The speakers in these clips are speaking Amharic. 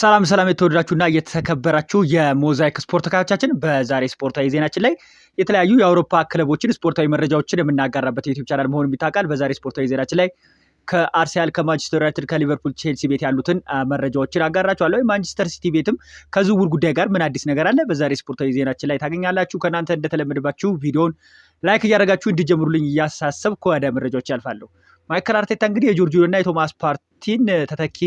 ሰላም ሰላም የተወደዳችሁና የተከበራችሁ የሞዛይክ ስፖርት ተከታዮቻችን፣ በዛሬ ስፖርታዊ ዜናችን ላይ የተለያዩ የአውሮፓ ክለቦችን ስፖርታዊ መረጃዎችን የምናጋራበት የዩቲዩብ ቻናል መሆኑ ይታወቃል። በዛሬ ስፖርታዊ ዜናችን ላይ ከአርሰናል፣ ከማንቸስተር ዩናይትድ፣ ከሊቨርፑል፣ ቼልሲ ቤት ያሉትን መረጃዎችን አጋራችኋለሁ። ማንቸስተር ሲቲ ቤትም ከዝውውር ጉዳይ ጋር ምን አዲስ ነገር አለ? በዛሬ ስፖርታዊ ዜናችን ላይ ታገኛላችሁ። ከእናንተ እንደተለመደባችሁ ቪዲዮን ላይክ እያደረጋችሁ እንዲጀምሩልኝ እያሳሰብኩ ወደ መረጃዎች ያልፋለሁ። ማይከል አርቴታ እንግዲህ የጆርጂዮ እና የቶማስ ፓርቲን ተተኪ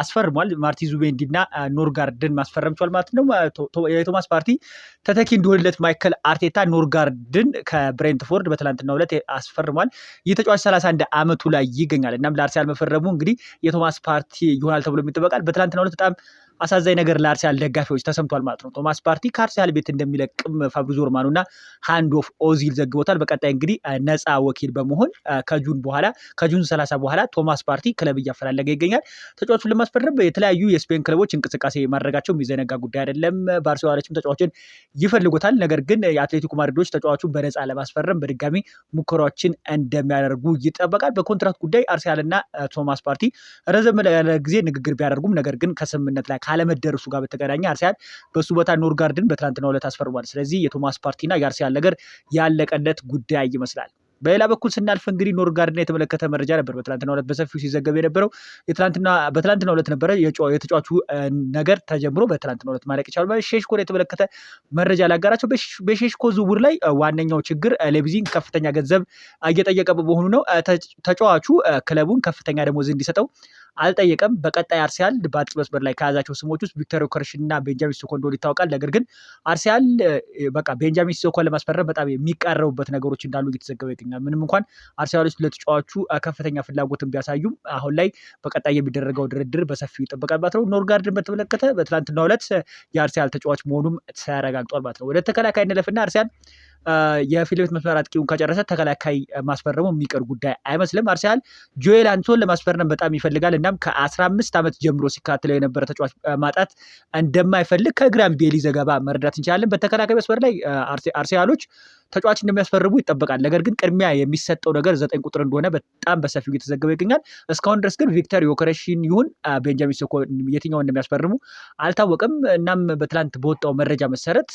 አስፈርሟል። ማርቲ ዙቤንዲ እና ኖርጋርድን ማስፈረም ችሏል ማለት ነው። የቶማስ ፓርቲ ተተኪ እንዲሆንለት ማይከል አርቴታ ኖርጋርድን ከብሬንትፎርድ በትላንትናው ዕለት አስፈርሟል። ይህ ተጫዋች 31 ዓመቱ ላይ ይገኛል። እናም ለአርሰናል መፈረሙ እንግዲህ የቶማስ ፓርቲ ይሆናል ተብሎ ይጠበቃል። በትላንትናው ዕለት በጣም አሳዛኝ ነገር ለአርሰናል ደጋፊዎች ተሰምቷል ማለት ነው። ቶማስ ፓርቲ ከአርሰናል ቤት እንደሚለቅም ፋብሪዞ ሮማኖ እና ሃንድ ኦፍ ኦዚል ዘግቦታል። በቀጣይ እንግዲህ ነፃ ወኪል በመሆን ከጁን በኋላ ከጁን ሰላሳ በኋላ ቶማስ ፓርቲ ክለብ እያፈላለገ ይገኛል። ተጫዋቹን ለማስፈረም የተለያዩ የስፔን ክለቦች እንቅስቃሴ ማድረጋቸው የሚዘነጋ ጉዳይ አይደለም። ባርሴሎናችም ተጫዋችን ይፈልጉታል። ነገር ግን የአትሌቲኮ ማድሪዶች ተጫዋቹን በነፃ ለማስፈረም በድጋሚ ሙከራዎችን እንደሚያደርጉ ይጠበቃል። በኮንትራት ጉዳይ አርሰናልና ቶማስ ፓርቲ ረዘም ያለ ጊዜ ንግግር ቢያደርጉም ነገር ግን ከስምምነት ላይ ካለመደረሱ ጋር በተገናኘ አርሲያል በሱ ቦታ ኖርጋርድን በትናንትናው ዕለት አስፈርሟል። ስለዚህ የቶማስ ፓርቲና የአርሲያል ነገር ያለቀለት ጉዳይ ይመስላል። በሌላ በኩል ስናልፍ እንግዲህ ኖርጋርድን የተመለከተ መረጃ ነበር በትናንትናው ዕለት በሰፊው ሲዘገብ የነበረው በትናንትናው ዕለት ነበረ። የተጫዋቹ ነገር ተጀምሮ በትናንትናው ዕለት ማለቅ ይቻሉ። በሼሽኮን የተመለከተ መረጃ ላጋራቸው። በሼሽኮ ዝውውር ላይ ዋነኛው ችግር ሌቪዚን ከፍተኛ ገንዘብ እየጠየቀ በመሆኑ ነው። ተጫዋቹ ክለቡን ከፍተኛ ደሞዝ እንዲሰጠው አልጠየቀም። በቀጣይ አርሰናል በአጥቂ መስመር ላይ ከያዛቸው ስሞች ውስጥ ቪክተር ዮከርሽ እና ቤንጃሚን ሲስኮ እንደሆኑ ይታወቃል። ነገር ግን አርሲያል በቃ ቤንጃሚን ሲስኮን ለማስፈረም በጣም የሚቀረቡበት ነገሮች እንዳሉ እየተዘገበ ይገኛል። ምንም እንኳን አርሰናሎች ለተጫዋቹ ከፍተኛ ፍላጎትን ቢያሳዩም አሁን ላይ በቀጣይ የሚደረገው ድርድር በሰፊው ይጠበቃል ማለት ነው። ኖርጋርድን በተመለከተ በትናንትናው ዕለት የአርሲያል ተጫዋች መሆኑም ተረጋግጧል ማለት ነው። ወደ ተከላካይ እንለፍና አርሲያል የፊት መስመር አጥቂውን ከጨረሰ ተከላካይ ማስፈረሙ የሚቀር ጉዳይ አይመስልም። አርሰናል ጆኤል አንቶን ለማስፈረም በጣም ይፈልጋል። እናም ከ15 ዓመት ጀምሮ ሲካትለው የነበረ ተጫዋች ማጣት እንደማይፈልግ ከግራም ቤሊ ዘገባ መረዳት እንችላለን። በተከላካይ መስመር ላይ አርሰናሎች ተጫዋች እንደሚያስፈርሙ ይጠበቃል። ነገር ግን ቅድሚያ የሚሰጠው ነገር ዘጠኝ ቁጥር እንደሆነ በጣም በሰፊው እየተዘገበ ይገኛል። እስካሁን ድረስ ግን ቪክተር ዮከረሽን ይሁን ቤንጃሚን ሴስኮ የትኛው እንደሚያስፈርሙ አልታወቀም እናም በትላንት በወጣው መረጃ መሰረት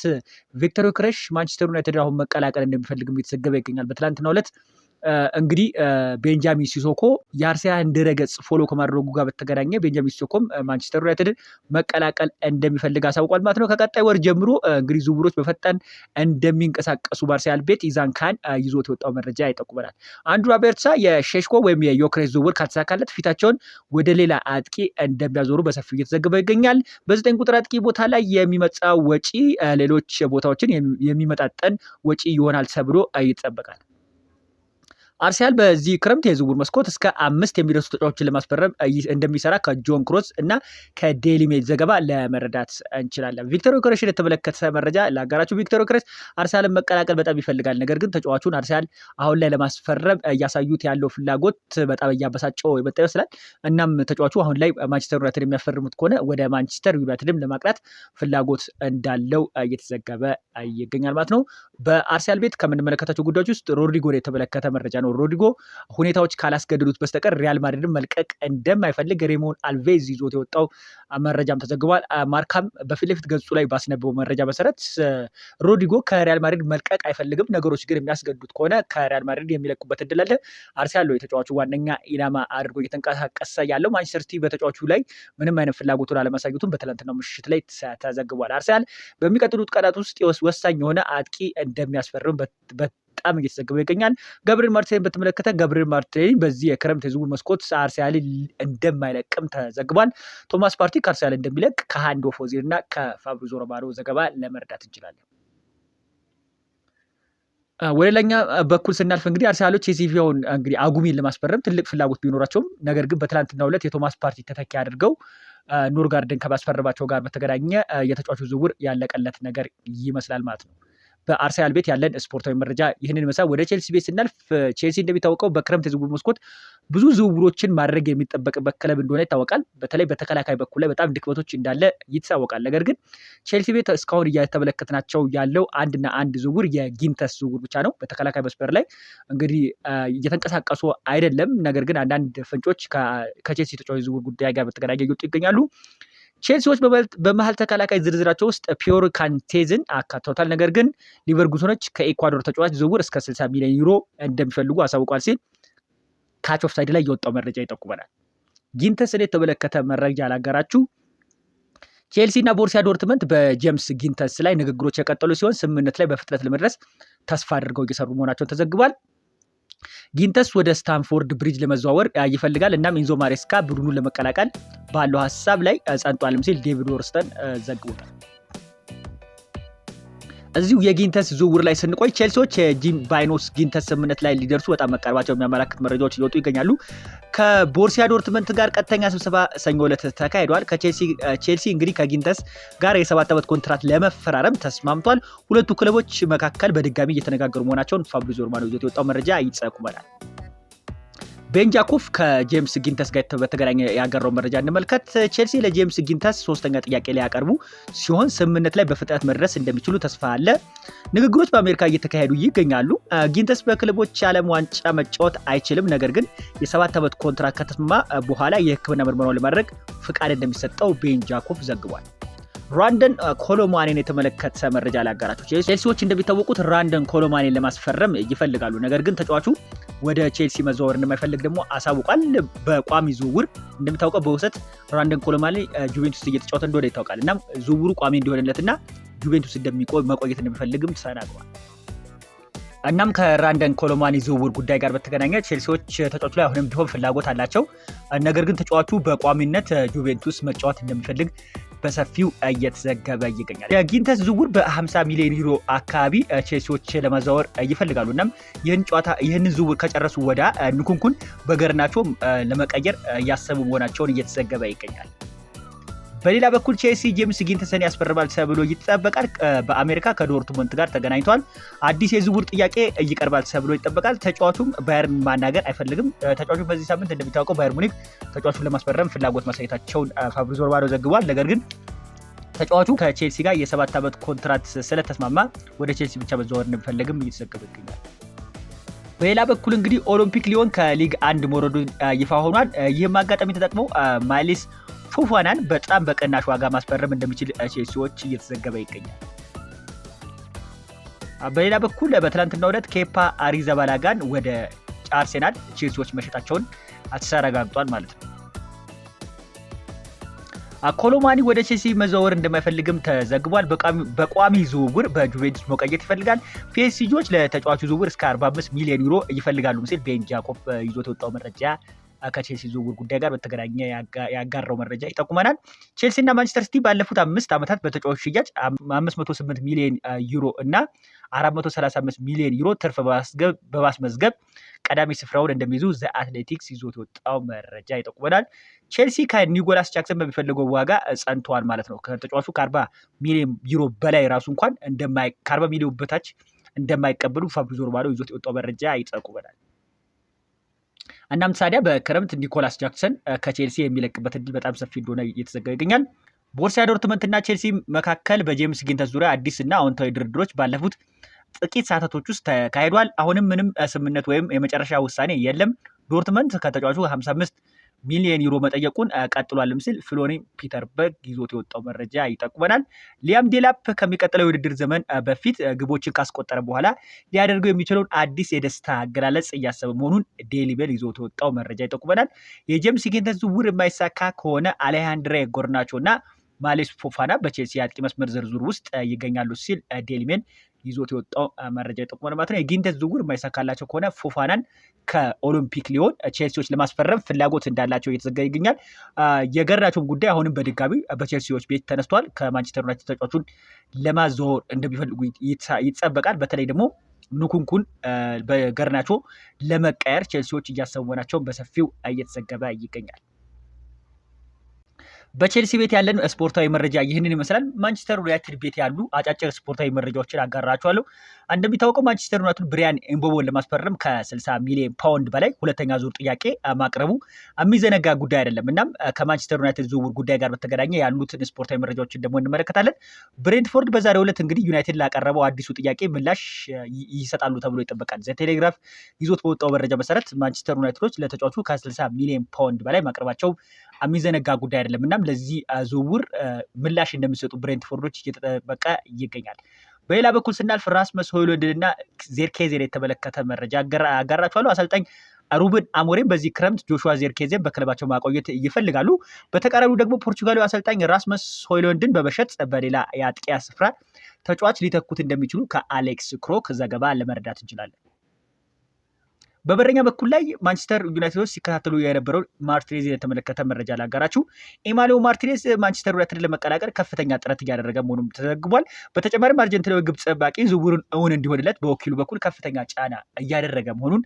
ቪክተር ዮከረሽ ማንቸስተር ዩናይትድ አሁን መቀላቀል እንደሚፈልግም እየተዘገበ ይገኛል። በትላንትናው ዕለት እንግዲህ ቤንጃሚን ሲሶኮ የአርሰናልን ድረገጽ ፎሎ ከማድረጉ ጋር በተገናኘ ቤንጃሚን ሲሶኮም ማንቸስተር ዩናይትድን መቀላቀል እንደሚፈልግ አሳውቋል ማለት ነው። ከቀጣይ ወር ጀምሮ እንግዲህ ዝውውሮች በፈጣን እንደሚንቀሳቀሱ በአርሰናል ቤት ኢዛን ካን ይዞት የወጣው መረጃ ይጠቁመናል። አንድሪያ በርታ የሼሽኮ ወይም የዮክሬስ ዝውውር ካልተሳካለት ፊታቸውን ወደ ሌላ አጥቂ እንደሚያዞሩ በሰፊው እየተዘገበ ይገኛል። በዘጠኝ ቁጥር አጥቂ ቦታ ላይ የሚመጣው ወጪ ሌሎች ቦታዎችን የሚመጣጠን ወጪ ይሆናል ተብሎ ይጠበቃል። አርሰናል በዚህ ክረምት የዝውውር መስኮት እስከ አምስት የሚደርሱ ተጫዋቾችን ለማስፈረም እንደሚሰራ ከጆን ክሮስ እና ከዴይሊ ሜል ዘገባ ለመረዳት እንችላለን። ቪክተር ዮከረስን የተመለከተ መረጃ ለአጋራችሁ። ቪክቶር ዮከረስ አርሰናልን መቀላቀል በጣም ይፈልጋል። ነገር ግን ተጫዋቹን አርሰናል አሁን ላይ ለማስፈረም እያሳዩት ያለው ፍላጎት በጣም እያበሳጨው የመጣ ይመስላል። እናም ተጫዋቹ አሁን ላይ ማንቸስተር ዩናይትድ የሚያስፈርሙት ከሆነ ወደ ማንቸስተር ዩናይትድም ለማቅናት ፍላጎት እንዳለው እየተዘገበ ይገኛል ማለት ነው። በአርሰናል ቤት ከምንመለከታቸው ጉዳዮች ውስጥ ሮድሪጎን የተመለከተ መረጃ ነው። ነው። ሮድሪጎ ሁኔታዎች ካላስገድዱት በስተቀር ሪያል ማድሪድን መልቀቅ እንደማይፈልግ ሬሞን አልቬዝ ይዞት የወጣው መረጃም ተዘግቧል። ማርካም በፊት ለፊት ገጹ ላይ ባስነበበው መረጃ መሰረት ሮድሪጎ ከሪያል ማድሪድ መልቀቅ አይፈልግም። ነገሮች ግን የሚያስገዱት ከሆነ ከሪያል ማድሪድ የሚለቁበት እድል አለ። አርሰናል የተጫዋቹ ዋነኛ ኢላማ አድርጎ እየተንቀሳቀሰ ያለው። ማንቸስተር ሲቲ በተጫዋቹ ላይ ምንም አይነት ፍላጎቱን አለማሳየቱን በትላንትናው ምሽት ላይ ተዘግቧል። አርሰናል በሚቀጥሉት ቀናት ውስጥ ወሳኝ የሆነ አጥቂ እንደሚያስፈርም በጣም እየተዘገበ ይገኛል። ገብርኤል ማርቲኔሊን በተመለከተ ገብርኤል ማርቲኔሊ በዚህ የክረምት የዝውውር መስኮት አርሰናል እንደማይለቅም ተዘግቧል። ቶማስ ፓርቲ ከአርሰናል እንደሚለቅ ከሃንድ ኦፍ ወዚር እና ከፋብሪዞ ሮማኖ ዘገባ ለመረዳት እንችላለን። ወደ ላኛ በኩል ስናልፍ እንግዲህ አርሰናሎች የሲቪያውን እንግዲህ አጉሚን ለማስፈረም ትልቅ ፍላጎት ቢኖራቸውም ነገር ግን በትናንትናው ዕለት የቶማስ ፓርቲ ተተኪ አድርገው ኖርጋርድን ከማስፈረማቸው ጋር በተገናኘ የተጫዋቹ ዝውውር ያለቀለት ነገር ይመስላል ማለት ነው። በአርሰናል ቤት ያለን ስፖርታዊ መረጃ ይህንን መሳ ወደ ቼልሲ ቤት ስናልፍ ቼልሲ እንደሚታወቀው በክረምት የዝውውር መስኮት ብዙ ዝውውሮችን ማድረግ የሚጠበቅበት ክለብ እንደሆነ ይታወቃል። በተለይ በተከላካይ በኩል ላይ በጣም ድክመቶች እንዳለ ይታወቃል። ነገር ግን ቼልሲ ቤት እስካሁን እየተመለከትናቸው ያለው አንድና አንድ ዝውውር የጊንተስ ዝውውር ብቻ ነው። በተከላካይ መስመር ላይ እንግዲህ እየተንቀሳቀሱ አይደለም። ነገር ግን አንዳንድ ፍንጮች ከቼልሲ ተጫዋች ዝውውር ጉዳይ ጋር በተገናኘ እየወጡ ይገኛሉ። ቼልሲዎች በመሀል ተከላካይ ዝርዝራቸው ውስጥ ፒዮር ካንቴዝን አካተውታል። ነገር ግን ሊቨርጉሰኖች ከኤኳዶር ተጫዋች ዝውውር እስከ 60 ሚሊዮን ዩሮ እንደሚፈልጉ አሳውቋል ሲል ካች ኦፍ ሳይድ ላይ የወጣው መረጃ ይጠቁመናል። ጊንተስን የተመለከተ መረጃ አላገራችሁ። ቼልሲ እና ቦርሲያ ዶርትመንት በጄምስ ጊንተስ ላይ ንግግሮች የቀጠሉ ሲሆን ስምምነት ላይ በፍጥነት ለመድረስ ተስፋ አድርገው እየሰሩ መሆናቸውን ተዘግቧል። ጊንተስ ወደ ስታንፎርድ ብሪጅ ለመዘዋወር ይፈልጋል። እናም ኢንዞ ማሬስካ ቡድኑን ለመቀላቀል ባለው ሀሳብ ላይ ጸንጧልም ሲል ዴቪድ ወርስተን ዘግቦታል። እዚሁ የጊንተስ ዝውውር ላይ ስንቆይ ቼልሲዎች የጂም ባይኖስ ጊንተስ ስምምነት ላይ ሊደርሱ በጣም መቃረባቸው የሚያመላክት መረጃዎች እየወጡ ይገኛሉ። ከቦርሲያ ዶርትመንት ጋር ቀጥተኛ ስብሰባ ሰኞ ለት ተካሂደዋል። ከቼልሲ እንግዲህ ከጊንተስ ጋር የሰባት ዓመት ኮንትራት ለመፈራረም ተስማምቷል። ሁለቱ ክለቦች መካከል በድጋሚ እየተነጋገሩ መሆናቸውን ፋብሪዞ ሮማኖ ይዞት የወጣው መረጃ ይጠቁመናል። ቤንጃኮፍ ከጄምስ ጊንተስ ጋር በተገናኘ ያገረው መረጃ እንመልከት። ቼልሲ ለጄምስ ጊንተስ ሶስተኛ ጥያቄ ሊያቀርቡ ሲሆን ስምምነት ላይ በፍጥነት መድረስ እንደሚችሉ ተስፋ አለ። ንግግሮች በአሜሪካ እየተካሄዱ ይገኛሉ። ጊንተስ በክልቦች ዓለም ዋንጫ መጫወት አይችልም፣ ነገር ግን የሰባት ዓመት ኮንትራት ከተስማማ በኋላ የህክምና ምርመራው ለማድረግ ፍቃድ እንደሚሰጠው ቤንጃኮፍ ዘግቧል። ራንደን ኮሎማኔን የተመለከተ መረጃ ላጋራችሁ። ቼልሲዎች እንደሚታወቁት ራንደን ኮሎማኔን ለማስፈረም ይፈልጋሉ። ነገር ግን ተጫዋቹ ወደ ቼልሲ መዘዋወር እንደማይፈልግ ደግሞ አሳውቋል። በቋሚ ዝውውር እንደሚታወቀው በውሰት ራንደን ኮሎማኔ ጁቬንቱስ እየተጫወተ እንደሆነ ይታወቃል። እናም ዝውውሩ ቋሚ እና ጁቬንቱስ እንደሚቆይ መቆየት እንደሚፈልግም ተናግሯል። እናም ከራንደን ኮሎማኒ ዝውውር ጉዳይ ጋር በተገናኘ ቼልሲዎች ተጫዋቹ ላይ አሁንም ቢሆን ፍላጎት አላቸው። ነገር ግን ተጫዋቹ በቋሚነት ጁቬንቱስ መጫወት እንደሚፈልግ በሰፊው እየተዘገበ ይገኛል። የጊንተስ ዝውውር በ50 ሚሊዮን ዩሮ አካባቢ ቼልሲዎች ለማዘዋወር ይፈልጋሉ። እናም ይህን ጨዋታ ይህንን ዝውውር ከጨረሱ ወዳ ንኩንኩን በገርናቸውም ለመቀየር እያሰቡ መሆናቸውን እየተዘገበ ይገኛል። በሌላ በኩል ቼልሲ ጄምስ ጊንተሰን ያስፈርማል ተብሎ ይጠበቃል። በአሜሪካ ከዶርትሞንት ጋር ተገናኝቷል። አዲስ የዝውውር ጥያቄ ይቀርባል ተብሎ ይጠበቃል። ተጫዋቹም ባየርን ማናገር አይፈልግም። ተጫዋቹ በዚህ ሳምንት እንደሚታወቀው ባየር ሙኒክ ተጫዋቹን ለማስፈረም ፍላጎት ማሳየታቸውን ፋብሪዞ ሮማኖ ዘግቧል። ነገር ግን ተጫዋቹ ከቼልሲ ጋር የሰባት ዓመት ኮንትራት ስለተስማማ ወደ ቼልሲ ብቻ መዘዋወር እንደሚፈልግም እየተዘገበ ይገኛል። በሌላ በኩል እንግዲህ ኦሎምፒክ ሊዮን ከሊግ አንድ መውረዱን ይፋ ሆኗል። ይህም አጋጣሚ ተጠቅመው ማይልስ ፉፏናን በጣም በቀናሽ ዋጋ ማስፈረም እንደሚችል ቼልሲዎች እየተዘገበ ይገኛል። በሌላ በኩል በትናንትናው ዕለት ኬፓ አሪዘባላጋን ወደ አርሴናል ቼልሲዎች መሸጣቸውን አተረጋግጧል ማለት ነው። ኮሎማኒ ወደ ቼልሲ መዘወር እንደማይፈልግም ተዘግቧል። በቋሚ ዝውውር በጁቬንቱስ መቆየት ይፈልጋል። ፒኤስጂዎች ለተጫዋቹ ዝውውር እስከ 45 ሚሊዮን ዩሮ ይፈልጋሉ ሲል ቤን ጃኮብ ይዞት የወጣው መረጃ ከቼልሲ ዝውውር ጉዳይ ጋር በተገናኘ ያጋራው መረጃ ይጠቁመናል። ቼልሲ እና ማንቸስተር ሲቲ ባለፉት አምስት ዓመታት በተጫዋች ሽያጭ 508 ሚሊዮን ዩሮ እና 435 ሚሊዮን ዩሮ ትርፍ በማስመዝገብ ቀዳሚ ስፍራውን እንደሚይዙ ዘ አትሌቲክስ ይዞት የወጣው መረጃ ይጠቁመናል። ቼልሲ ከኒጎላስ ጃክሰን በሚፈልገው ዋጋ ጸንተዋል ማለት ነው። ከተጫዋቹ ከአርባ ሚሊዮን ዩሮ በላይ ራሱ እንኳን ከአርባ ሚሊዮን በታች እንደማይቀበሉ ፋብሪዞ ሮማኖ ይዞት የወጣው መረጃ ይጠቁመናል። እናም ታዲያ በክረምት ኒኮላስ ጃክሰን ከቼልሲ የሚለቅበት እድል በጣም ሰፊ እንደሆነ እየተዘገበ ይገኛል። ቦርሲያ ዶርትመንትና ቼልሲ መካከል በጄምስ ጊንተስ ዙሪያ አዲስ እና አዎንታዊ ድርድሮች ባለፉት ጥቂት ሰዓታቶች ውስጥ ተካሂዷል። አሁንም ምንም ስምምነት ወይም የመጨረሻ ውሳኔ የለም። ዶርትመንት ከተጫዋቹ 55 ሚሊየን ዩሮ መጠየቁን ቀጥሏልም ሲል ፍሎሪ በግ ይዞት የወጣው መረጃ ይጠቁመናል። ሊያም ዴላፕ ከሚቀጥለው የውድድር ዘመን በፊት ግቦችን ካስቆጠረ በኋላ ሊያደርገው የሚችለውን አዲስ የደስታ አገላለጽ እያሰበ መሆኑን ዴይሊ ሜል ይዞት የወጣው መረጃ ይጠቁመናል። የጀምስ ጌንተን ዝውውር የማይሳካ ከሆነ አሌሃንድሬ ጎርናቾ እና ማሌስ ፎፋና በቼልሲ የአጥቂ መስመር ዝርዝር ውስጥ ይገኛሉ ሲል ዴሊሜል ይዞት የወጣው መረጃ ይጠቁማል ማለት ነው። የጊንተስ ዝውውር የማይሳካላቸው ከሆነ ፎፋናን ከኦሎምፒክ ሊሆን ቼልሲዎች ለማስፈረም ፍላጎት እንዳላቸው እየተዘጋ ይገኛል። የገራቸውም ጉዳይ አሁንም በድጋሚ በቼልሲዎች ቤት ተነስቷል። ከማንቸስተር ዩናይትድ ተጫዋቹን ለማዘዋወር እንደሚፈልጉ ይጠበቃል። በተለይ ደግሞ ንኩንኩን በገርናቾ ለመቀየር ቼልሲዎች እያሰቡ ናቸውን በሰፊው እየተዘገበ ይገኛል። በቼልሲ ቤት ያለን ስፖርታዊ መረጃ ይህንን ይመስላል። ማንቸስተር ዩናይትድ ቤት ያሉ አጫጭር ስፖርታዊ መረጃዎችን አጋራችኋለሁ። እንደሚታወቀው ማንቸስተር ዩናይትድ ብሪያን ኤምቦሞን ለማስፈረም ከ60 ሚሊዮን ፓውንድ በላይ ሁለተኛ ዙር ጥያቄ ማቅረቡ የሚዘነጋ ጉዳይ አይደለም። እናም ከማንቸስተር ዩናይትድ ዝውውር ጉዳይ ጋር በተገናኘ ያሉትን ስፖርታዊ መረጃዎችን ደግሞ እንመለከታለን። ብሬንትፎርድ በዛሬው ዕለት እንግዲህ ዩናይትድ ላቀረበው አዲሱ ጥያቄ ምላሽ ይሰጣሉ ተብሎ ይጠበቃል። ዘቴሌግራፍ ይዞት በወጣው መረጃ መሰረት ማንቸስተር ዩናይትዶች ለተጫዋቹ ከ60 ሚሊዮን ፓውንድ በላይ ማቅረባቸው የሚዘነጋ ጉዳይ አይደለም። እናም ለዚህ ዝውውር ምላሽ እንደሚሰጡ ብሬንትፎርዶች እየተጠበቀ ይገኛል። በሌላ በኩል ስናልፍ ራስመስ ሆይሉንድንና ዜርኬዜን የተመለከተ መረጃ አጋራችኋለሁ። አሰልጣኝ ሩብን አሞሬን በዚህ ክረምት ጆሹዋ ዜርኬዜን በክለባቸው ማቆየት ይፈልጋሉ። በተቃራኒው ደግሞ ፖርቹጋላዊ አሰልጣኝ ራስመስ ሆይሉንድን በመሸጥ በሌላ የአጥቂያ ስፍራ ተጫዋች ሊተኩት እንደሚችሉ ከአሌክስ ክሮክ ዘገባ ለመረዳት እንችላለን። በበረኛ በኩል ላይ ማንቸስተር ዩናይትዶች ሲከታተሉ የነበረው ማርቲኔዝ የተመለከተ መረጃ ላጋራችሁ። ኤማሌዮ ማርቲኔዝ ማንቸስተር ዩናይትድ ለመቀላቀል ከፍተኛ ጥረት እያደረገ መሆኑም ተዘግቧል። በተጨማሪም አርጀንቲናዊ ግብ ጠባቂ ዝውውሩን እውን እንዲሆንለት በወኪሉ በኩል ከፍተኛ ጫና እያደረገ መሆኑን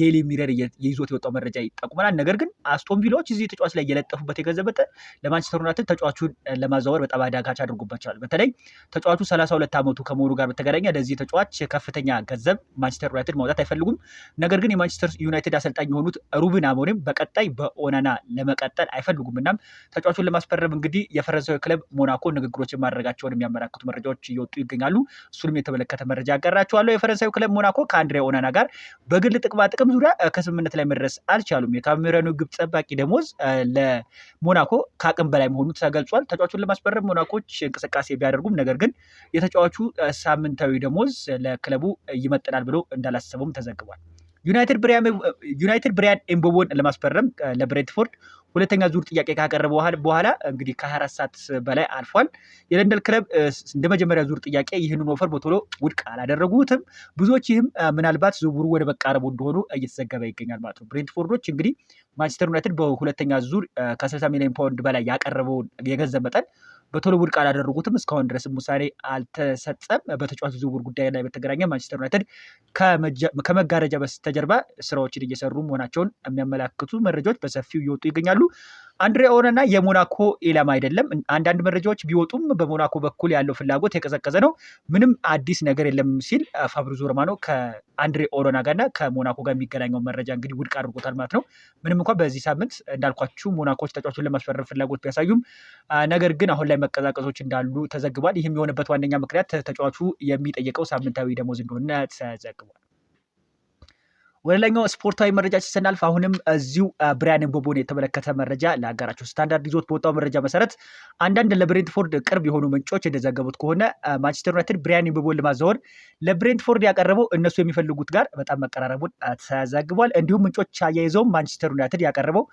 ዴሊ ሚረር የይዞት የወጣው መረጃ ይጠቁመናል። ነገር ግን አስቶን ቪላዎች እዚህ ተጫዋች ላይ እየለጠፉበት የገዘበጠ ለማንቸስተር ዩናይትድ ተጫዋቹን ለማዘዋወር በጣም አዳጋች አድርጎባቸዋል። በተለይ ተጫዋቹ 32 ዓመቱ ከመሆኑ ጋር በተገናኘ ለዚህ ተጫዋች ከፍተኛ ገንዘብ ማንቸስተር ዩናይትድ ማውጣት አይፈልጉም። ነገር ግን የማንቸስተር ዩናይትድ አሰልጣኝ የሆኑት ሩብን አሞሪም በቀጣይ በኦናና ለመቀጠል አይፈልጉም። እናም ተጫዋቹን ለማስፈረም እንግዲህ የፈረንሳዊ ክለብ ሞናኮ ንግግሮችን ማድረጋቸውን የሚያመላክቱ መረጃዎች እየወጡ ይገኛሉ። እሱንም የተመለከተ መረጃ ያቀራቸዋለሁ። የፈረንሳዊ ክለብ ሞናኮ ከአንድሬ ኦናና ጋር በግል ጥቅማ ጥቅም ዙሪያ ከስምምነት ላይ መድረስ አልቻሉም። የካሜሮኑ ግብ ጠባቂ ደሞዝ ለሞናኮ ከአቅም በላይ መሆኑ ተገልጿል። ተጫዋቹን ለማስፈረም ሞናኮች እንቅስቃሴ ቢያደርጉም ነገር ግን የተጫዋቹ ሳምንታዊ ደሞዝ ለክለቡ ይመጥናል ብሎ እንዳላሰቡም ተዘግቧል። ዩናይትድ ብሪያን ኤምቦቦን ለማስፈረም ለብሬንትፎርድ ሁለተኛ ዙር ጥያቄ ካቀረበ በኋላ እንግዲህ ከ24 ሰዓት በላይ አልፏል። የለንደን ክለብ እንደ መጀመሪያ ዙር ጥያቄ ይህንን ወፈር በቶሎ ውድቅ አላደረጉትም። ብዙዎች ይህም ምናልባት ዝውውሩ ወደ መቃረቡ እንደሆኑ እየተዘገበ ይገኛል ማለት ነው። ብሬንትፎርዶች እንግዲህ ማንቸስተር ዩናይትድ በሁለተኛ ዙር ከ60 ሚሊዮን ፓውንድ በላይ ያቀረበውን የገንዘብ መጠን በቶሎ ውድቅ አላደረጉትም። እስካሁን ድረስም ውሳኔ አልተሰጠም። በተጫዋች ዝውውር ጉዳይ ላይ በተገናኘ ማንቸስተር ዩናይትድ ከመጋረጃ በስተጀርባ ስራዎችን እየሰሩ መሆናቸውን የሚያመላክቱ መረጃዎች በሰፊው እየወጡ ይገኛሉ። አንድሬ ኦናና የሞናኮ ኢላማ አይደለም። አንዳንድ መረጃዎች ቢወጡም በሞናኮ በኩል ያለው ፍላጎት የቀዘቀዘ ነው፣ ምንም አዲስ ነገር የለም ሲል ፋብሪዞ ሮማኖ ከአንድሬ ኦናና ጋርና ከሞናኮ ጋር የሚገናኘው መረጃ እንግዲህ ውድቅ አድርጎታል ማለት ነው። ምንም እንኳ በዚህ ሳምንት እንዳልኳችሁ ሞናኮች ተጫዋቹን ለማስፈረም ፍላጎት ቢያሳዩም፣ ነገር ግን አሁን ላይ መቀዛቀዞች እንዳሉ ተዘግቧል። ይህም የሆነበት ዋነኛ ምክንያት ተጫዋቹ የሚጠየቀው ሳምንታዊ ደሞዝ እንደሆነ ተዘግቧል። ወደ ላይኛው ስፖርታዊ መረጃችን ስናልፍ አሁንም እዚሁ ብሪያን ምቦሞን የተመለከተ መረጃ ለሀገራቸው ስታንዳርድ ይዞት በወጣው መረጃ መሰረት አንዳንድ ለብሬንትፎርድ ቅርብ የሆኑ ምንጮች እንደዘገቡት ከሆነ ማንቸስተር ዩናይትድ ብሪያን ምቦሞን ለማዘወር ለብሬንትፎርድ ያቀረበው እነሱ የሚፈልጉት ጋር በጣም መቀራረቡን ተዘግቧል። እንዲሁም ምንጮች አያይዘውም ማንቸስተር ዩናይትድ ያቀረበው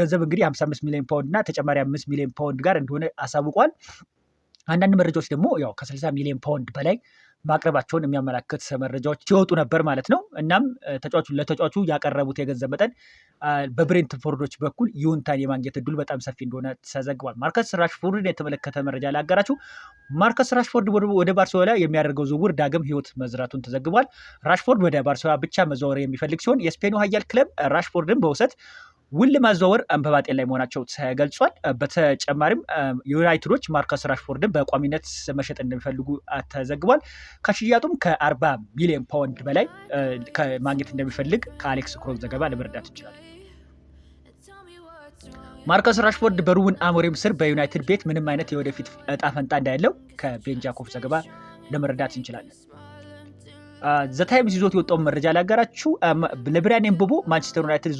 ገንዘብ እንግዲህ 55 ሚሊዮን ፓውንድ እና ተጨማሪ 5 ሚሊዮን ፓውንድ ጋር እንደሆነ አሳውቋል። አንዳንድ መረጃዎች ደግሞ ያው ከ60 ሚሊዮን ፓውንድ በላይ ማቅረባቸውን የሚያመላክት መረጃዎች ሲወጡ ነበር ማለት ነው። እናም ተጫዋቹ ለተጫዋቹ ያቀረቡት የገንዘብ መጠን በብሬንትፎርዶች በኩል ይሁንታን የማግኘት እድሉ በጣም ሰፊ እንደሆነ ተዘግቧል። ማርከስ ራሽፎርድን የተመለከተ መረጃ ላገራችሁ ማርከስ ራሽፎርድ ወደ ባርሴሎና የሚያደርገው ዝውውር ዳግም ህይወት መዝራቱን ተዘግቧል። ራሽፎርድ ወደ ባርሴሎና ብቻ መዘዋወር የሚፈልግ ሲሆን የስፔኑ ኃያል ክለብ ራሽፎርድን በውሰት ውል ለማዘዋወር በባጤን ላይ መሆናቸው ተገልጿል። በተጨማሪም ዩናይትዶች ማርከስ ራሽፎርድን በቋሚነት መሸጥ እንደሚፈልጉ ተዘግቧል። ከሽያጡም ከ40 ሚሊዮን ፓውንድ በላይ ማግኘት እንደሚፈልግ ከአሌክስ ክሮዝ ዘገባ ለመረዳት ይችላል። ማርከስ ራሽፎርድ በሩውን አሞሪም ስር በዩናይትድ ቤት ምንም አይነት የወደፊት እጣ ፈንታ እንዳያለው ከቤንጃኮፍ ዘገባ ለመረዳት እንችላለን። ዘታይምስ ይዞት የወጣውን መረጃ ላጋራችሁ። ለብሪያን ኤምቦሞ ማንቸስተር ዩናይትድ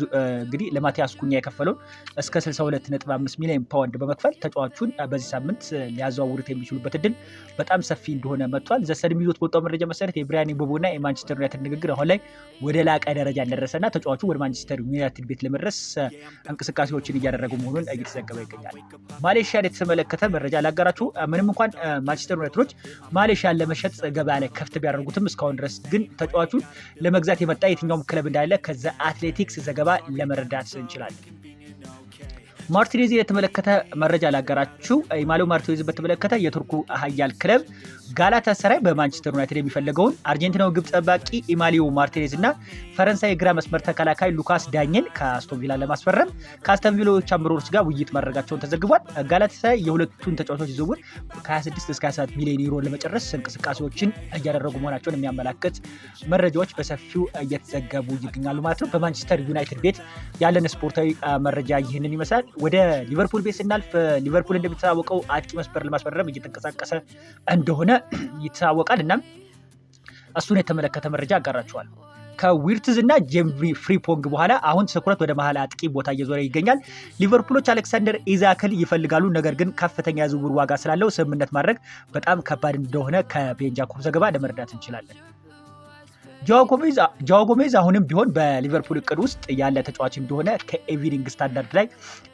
እንግዲህ ለማቲያስ ኩኛ የከፈለውን እስከ 625 ሚሊዮን ፓውንድ በመክፈል ተጫዋቹን በዚህ ሳምንት ሊያዘዋውሩት የሚችሉበት እድል በጣም ሰፊ እንደሆነ መጥቷል። ዘሰድም ይዞት በወጣው መረጃ መሰረት የብሪያን ኤምቦሞ እና የማንቸስተር ዩናይትድ ንግግር አሁን ላይ ወደ ላቀ ደረጃ እንደደረሰና ተጫዋቹ ወደ ማንቸስተር ዩናይትድ ቤት ለመድረስ እንቅስቃሴዎችን እያደረጉ መሆኑን እየተዘገበ ይገኛል። ማሌሽያን የተመለከተ መረጃ ላጋራችሁ። ምንም እንኳን ማንቸስተር ዩናይትዶች ማሌሽያን ለመሸጥ ገበያ ላይ ከፍት ቢያደርጉትም እስካሁን ድረስ ድረስ ግን ተጫዋቹን ለመግዛት የመጣ የትኛውም ክለብ እንዳለ ከዛ አትሌቲክስ ዘገባ ለመረዳት እንችላለን። ማርቲኔዝ የተመለከተ መረጃ ላጋራችሁ። ኢማሎ ማርቲኔዝ በተመለከተ የቱርኩ አህያል ክለብ ጋላታ ሰራይ በማንቸስተር ዩናይትድ የሚፈልገውን አርጀንቲናው ግብ ጠባቂ ኢማሊዮ ማርቲኔዝ እና ፈረንሳይ የግራ መስመር ተከላካይ ሉካስ ዳኝን ከአስቶንቪላ ለማስፈረም ከአስቶን ቪላዎች ጋር ውይይት ማድረጋቸውን ተዘግቧል። ጋላታ ሰራይ የሁለቱን ተጫዋቾች ዝውውር ከ26 እስከ 27 ሚሊዮን ዩሮ ለመጨረስ እንቅስቃሴዎችን እያደረጉ መሆናቸውን የሚያመላክት መረጃዎች በሰፊው እየተዘገቡ ይገኛሉ ማለት ነው። በማንቸስተር ዩናይትድ ቤት ያለን ስፖርታዊ መረጃ ይህንን ይመስላል። ወደ ሊቨርፑል ቤት ስናልፍ ሊቨርፑል እንደሚተዋወቀው አጥቂ መስመር ለማስፈረም እየተንቀሳቀሰ እንደሆነ ይታወቃል። እናም እሱን የተመለከተ መረጃ አጋራችኋል። ከዊርትዝ እና ጄምሪ ፍሪፖንግ በኋላ አሁን ትኩረት ወደ መሀል አጥቂ ቦታ እየዞረ ይገኛል። ሊቨርፑሎች አሌክሳንደር ኢዛክል ይፈልጋሉ። ነገር ግን ከፍተኛ የዝውውር ዋጋ ስላለው ስምምነት ማድረግ በጣም ከባድ እንደሆነ ከቤንጃኮብ ዘገባ ለመረዳት እንችላለን። ጃዋ ጎሜዝ አሁንም ቢሆን በሊቨርፑል እቅድ ውስጥ ያለ ተጫዋች እንደሆነ ከኤቪኒንግ ስታንዳርድ ላይ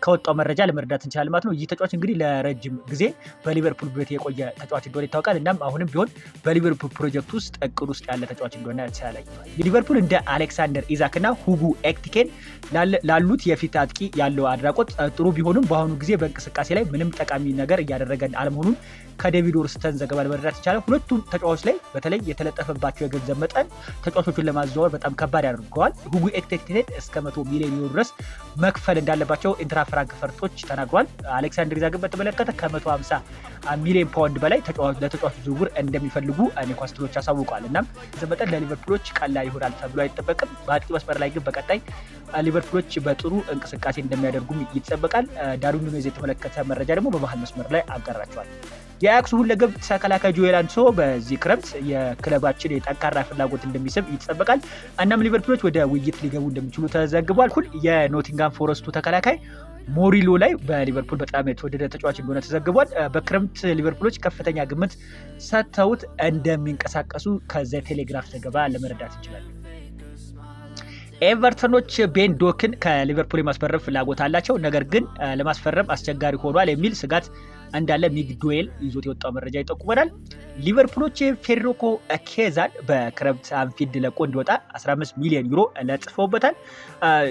ከወጣው መረጃ ለመረዳት እንችላለን ማለት ነው። ይህ ተጫዋች እንግዲህ ለረጅም ጊዜ በሊቨርፑል ቤት የቆየ ተጫዋች እንደሆነ ይታወቃል። እናም አሁንም ቢሆን በሊቨርፑል ፕሮጀክት ውስጥ እቅድ ውስጥ ያለ ተጫዋች እንደሆነ ይቻላል። ሊቨርፑል እንደ አሌክሳንደር ኢዛክ እና ሁጉ ኤክቲኬን ላሉት የፊት አጥቂ ያለው አድራቆት ጥሩ ቢሆንም በአሁኑ ጊዜ በእንቅስቃሴ ላይ ምንም ጠቃሚ ነገር እያደረገን አለመሆኑን ከዴቪድ ወርስተን ዘገባ ለመረዳት ይቻላል። ሁለቱም ተጫዋች ላይ በተለይ የተለጠፈባቸው የገንዘብ መጠን ተጫዋቾቹን ለማዘዋወር በጣም ከባድ ያደርገዋል። ጉጉ ኤክቴክቴድ እስከ መቶ ሚሊዮን ዩሮ ድረስ መክፈል እንዳለባቸው ኢንትራ ፈርቶች ተናግሯል። አሌክሳንድር ዛግን በተመለከተ ከ150 ሚሊዮን ፓውንድ በላይ ለተጫዋቹ ዝውውር እንደሚፈልጉ እኔ ኳስትሎች ያሳውቋል። እናም መጠን ለሊቨርፑሎች ቀላል ይሆናል ተብሎ አይጠበቅም። በአጥቂ መስመር ላይ ግን በቀጣይ ሊቨርፑሎች በጥሩ እንቅስቃሴ እንደሚያደርጉም ይጠበቃል። ዳሩ ኑኔዝ የተመለከተ መረጃ ደግሞ በባህል መስመር ላይ አጋራቸዋል። የአያክሱ ሁለገብ ተከላካይ ጆኤል አንሶ በዚህ ክረምት የክለባችን የጠንካራ ፍላጎት እንደሚስብ ይጠበቃል። እናም ሊቨርፑሎች ወደ ውይይት ሊገቡ እንደሚችሉ ተዘግቧል። ሁል የኖቲንጋም ፎረስቱ ተከላካይ ሞሪሎ ላይ በሊቨርፑል በጣም የተወደደ ተጫዋች እንደሆነ ተዘግቧል። በክረምት ሊቨርፑሎች ከፍተኛ ግምት ሰጥተውት እንደሚንቀሳቀሱ ከዚያ ቴሌግራፍ ዘገባ ለመረዳት ይችላል። ኤቨርተኖች ቤን ዶክን ከሊቨርፑል የማስፈረም ፍላጎት አላቸው፣ ነገር ግን ለማስፈረም አስቸጋሪ ሆኗል የሚል ስጋት እንዳለ ሚግዶኤል ይዞት የወጣው መረጃ ይጠቁመናል። ሊቨርፑሎች ፌዴሪኮ ኬዛን በክረምት አንፊልድ ለቆ እንዲወጣ 15 ሚሊዮን ዩሮ ለጥፈውበታል።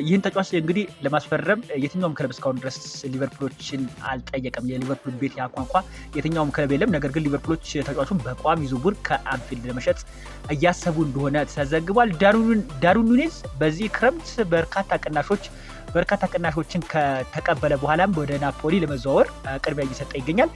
ይህን ተጫዋች እንግዲህ ለማስፈረም የትኛውም ክለብ እስካሁን ድረስ ሊቨርፑሎችን አልጠየቀም። የሊቨርፑል ቤት ያቋንቋ የትኛውም ክለብ የለም። ነገር ግን ሊቨርፑሎች ተጫዋቹን በቋሚ ዝውውር ከአንፊልድ ለመሸጥ እያሰቡ እንደሆነ ተዘግቧል። ዳርዊን ኑኔዝ በዚህ ክረምት በርካታ ቅናሾች በርካታ ቅናሾችን ከተቀበለ በኋላም ወደ ናፖሊ ለመዘዋወር ቅድሚያ እየሰጠ ይገኛል።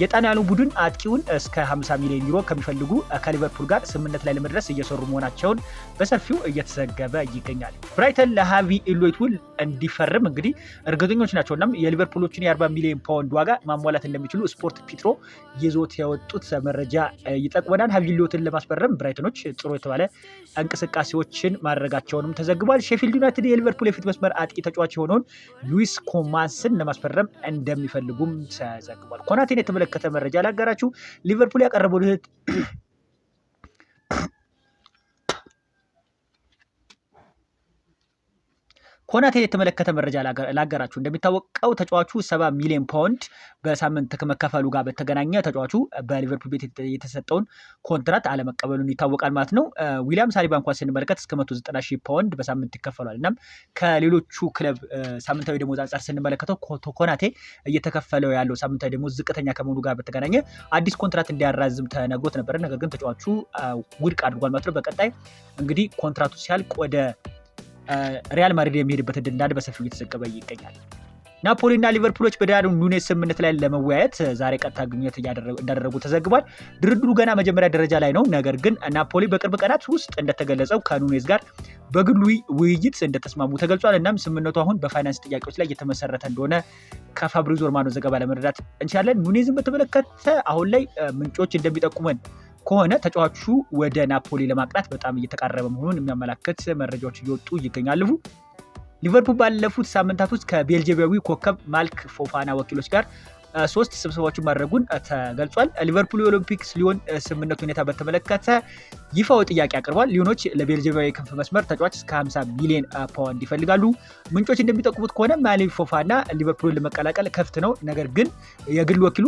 የጣሊያኑ ቡድን አጥቂውን እስከ 50 ሚሊዮን ዩሮ ከሚፈልጉ ከሊቨርፑል ጋር ስምምነት ላይ ለመድረስ እየሰሩ መሆናቸውን በሰፊው እየተዘገበ ይገኛል። ብራይተን ለሃቪ ኢሎይት ውል እንዲፈርም እንግዲህ እርግጠኞች ናቸው። እናም የሊቨርፑሎችን የ40 ሚሊዮን ፓውንድ ዋጋ ማሟላት እንደሚችሉ ስፖርት ፒትሮ ይዞት ያወጡት መረጃ ይጠቅመናል። ሃቪ ኢሎይትን ለማስፈረም ብራይተኖች ጥሩ የተባለ እንቅስቃሴዎችን ማድረጋቸውንም ተዘግቧል። ሼፊልድ ዩናይትድ የሊቨርፑል የፊት መስመር አጥቂ ተጫዋች የሆነውን ሉዊስ ኮማንስን ለማስፈረም እንደሚፈልጉም ተዘግቧል። ኮናቴን የተመለ የተመለከተ መረጃ ላጋራችሁ። ሊቨርፑል ያቀረበው ኮናቴ የተመለከተ መረጃ ላገራችሁ። እንደሚታወቀው ተጫዋቹ ሰባ ሚሊዮን ፓውንድ በሳምንት ከመከፈሉ ጋር በተገናኘ ተጫዋቹ በሊቨርፑል ቤት የተሰጠውን ኮንትራት አለመቀበሉን ይታወቃል ማለት ነው። ዊሊያም ሳሊባ እንኳን ስንመለከት እስከ መቶ ዘጠና ሺህ ፓውንድ በሳምንት ይከፈሏል። እናም ከሌሎቹ ክለብ ሳምንታዊ ደሞዝ አንጻር ስንመለከተው ኮናቴ እየተከፈለው ያለው ሳምንታዊ ደሞዝ ዝቅተኛ ከመሆኑ ጋር በተገናኘ አዲስ ኮንትራት እንዲያራዝም ተነግሮት ነበረ። ነገር ግን ተጫዋቹ ውድቅ አድርጓል ማለት ነው። በቀጣይ እንግዲህ ኮንትራቱ ሲያልቅ ወደ ሪያል ማድሪድ የሚሄድበት እድል እንዳለ በሰፊው እየተዘገበ ይገኛል። እና ሊቨርፑሎች በዳሩ ኑኔዝ ስምምነት ላይ ለመወያየት ዛሬ ቀጥታ ግንኙነት እንዳደረጉ ተዘግቧል። ድርድሩ ገና መጀመሪያ ደረጃ ላይ ነው። ነገር ግን ናፖሊ በቅርብ ቀናት ውስጥ እንደተገለጸው ከኑኔዝ ጋር በግሉ ውይይት እንደተስማሙ ተገልጿል። እናም ስምምነቱ አሁን በፋይናንስ ጥያቄዎች ላይ እየተመሰረተ እንደሆነ ከፋብሪዞ ሮማኖ ዘገባ ለመረዳት እንችላለን። ኑኔዝን በተመለከተ አሁን ላይ ምንጮች እንደሚጠቁመን ከሆነ ተጫዋቹ ወደ ናፖሊ ለማቅናት በጣም እየተቃረበ መሆኑን የሚያመላክት መረጃዎች እየወጡ ይገኛሉ። ሊቨርፑል ባለፉት ሳምንታት ውስጥ ከቤልጅቢያዊ ኮከብ ማልክ ፎፋና ወኪሎች ጋር ሶስት ስብሰባዎችን ማድረጉን ተገልጿል። ሊቨርፑል የኦሎምፒክስ ሊዮን ስምምነት ሁኔታ በተመለከተ ይፋው ጥያቄ አቅርቧል። ሊዮኖች ለቤልጅማዊ ክንፍ መስመር ተጫዋች እስከ 50 ሚሊዮን ፓውንድ ይፈልጋሉ። ምንጮች እንደሚጠቁሙት ከሆነ ማሊ ፎፋና ሊቨርፑልን ለመቀላቀል ከፍት ነው። ነገር ግን የግል ወኪሉ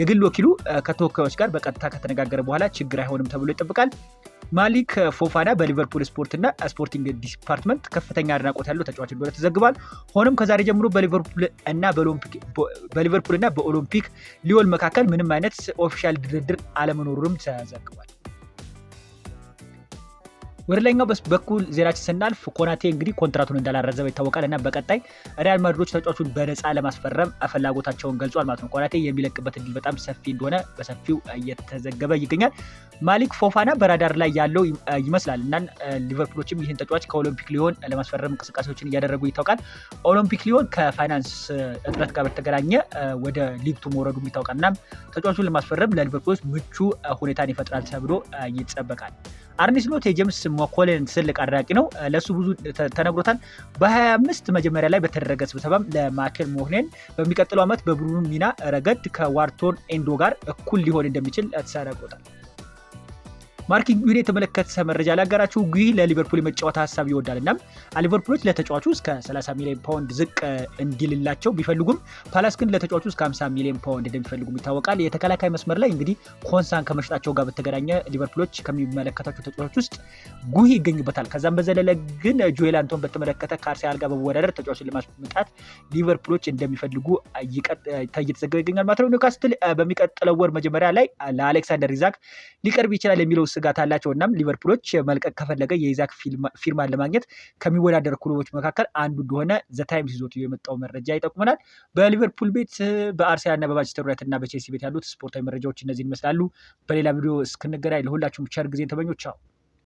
የግል ወኪሉ ከተወካዮች ጋር በቀጥታ ከተነጋገረ በኋላ ችግር አይሆንም ተብሎ ይጠብቃል። ማሊክ ፎፋና በሊቨርፑል ስፖርትና ስፖርቲንግ ዲፓርትመንት ከፍተኛ አድናቆት ያለው ተጫዋች እንደሆነ ተዘግቧል። ሆኖም ከዛሬ ጀምሮ በሊቨርፑል እና በኦሎምፒክ ሊዮን መካከል ምንም አይነት ኦፊሻል ድርድር አለመኖሩንም ተዘግቧል። ወደ ላይኛው በኩል ዜናችን ስናልፍ ኮናቴ እንግዲህ ኮንትራቱን እንዳላረዘበ ይታወቃል እና በቀጣይ ሪያል ማድሪዶች ተጫዋቹን በነፃ ለማስፈረም ፍላጎታቸውን ገልጿል ማለት ነው። ኮናቴ የሚለቅበት እድል በጣም ሰፊ እንደሆነ በሰፊው እየተዘገበ ይገኛል። ማሊክ ፎፋና በራዳር ላይ ያለው ይመስላል እና ሊቨርፑሎችም ይህን ተጫዋች ከኦሎምፒክ ሊዮን ለማስፈረም እንቅስቃሴዎችን እያደረጉ ይታወቃል። ኦሎምፒክ ሊዮን ከፋይናንስ እጥረት ጋር በተገናኘ ወደ ሊግቱ መውረዱ ይታወቃል። እና ተጫዋቹን ለማስፈረም ለሊቨርፑሎች ምቹ ሁኔታን ይፈጥራል ተብሎ ይጠበቃል። አርኔ ስሎት የጄምስ ሞኮሌን ትልቅ አድናቂ ነው። ለእሱ ብዙ ተነግሮታል። በ25 መጀመሪያ ላይ በተደረገ ስብሰባም ለማይኬል ሞህኔን በሚቀጥለው ዓመት በቡድኑ ሚና ረገድ ከዋርቶን ኤንዶ ጋር እኩል ሊሆን እንደሚችል ተሰረቆታል። ማርክ ጉሂን የተመለከተ መረጃ ላጋራችሁ። ጉሂ ለሊቨርፑል የመጫወት ሀሳብ ይወዳል እና ሊቨርፑሎች ለተጫዋቹ እስከ 30 ሚሊዮን ፓውንድ ዝቅ እንዲልላቸው ቢፈልጉም ፓላስ ግን ለተጫዋቹ እስከ 50 ሚሊዮን ፓውንድ እንደሚፈልጉም ይታወቃል። የተከላካይ መስመር ላይ እንግዲህ ኮንሳን ከመሸጣቸው ጋር በተገናኘ ሊቨርፑሎች ከሚመለከታቸው ተጫዋች ውስጥ ጉሂ ይገኙበታል። ከዛም በዘለለ ግን ጆኤል አንቶን በተመለከተ ከአርሰናል ጋር በመወዳደር ተጫዋችን ለማስመጣት ሊቨርፑሎች እንደሚፈልጉ እየተዘገበ ይገኛል ማለት ነው። ኒውካስትል በሚቀጥለው ወር መጀመሪያ ላይ ለአሌክሳንደር ኢዛክ ሊቀርብ ይችላል የሚለው ስጋት አላቸው። እናም ሊቨርፑሎች መልቀቅ ከፈለገ የኢዛክ ፊርማን ለማግኘት ከሚወዳደር ክለቦች መካከል አንዱ እንደሆነ ዘታይምስ ይዞት የመጣው መረጃ ይጠቁመናል። በሊቨርፑል ቤት፣ በአርሰናል እና በማንቸስተር ዩናይትድ እና በቼልሲ ቤት ያሉት ስፖርታዊ መረጃዎች እነዚህን ይመስላሉ። በሌላ ቪዲዮ እስክንገናኝ ለሁላችሁም ቸር ጊዜን ተመኞች።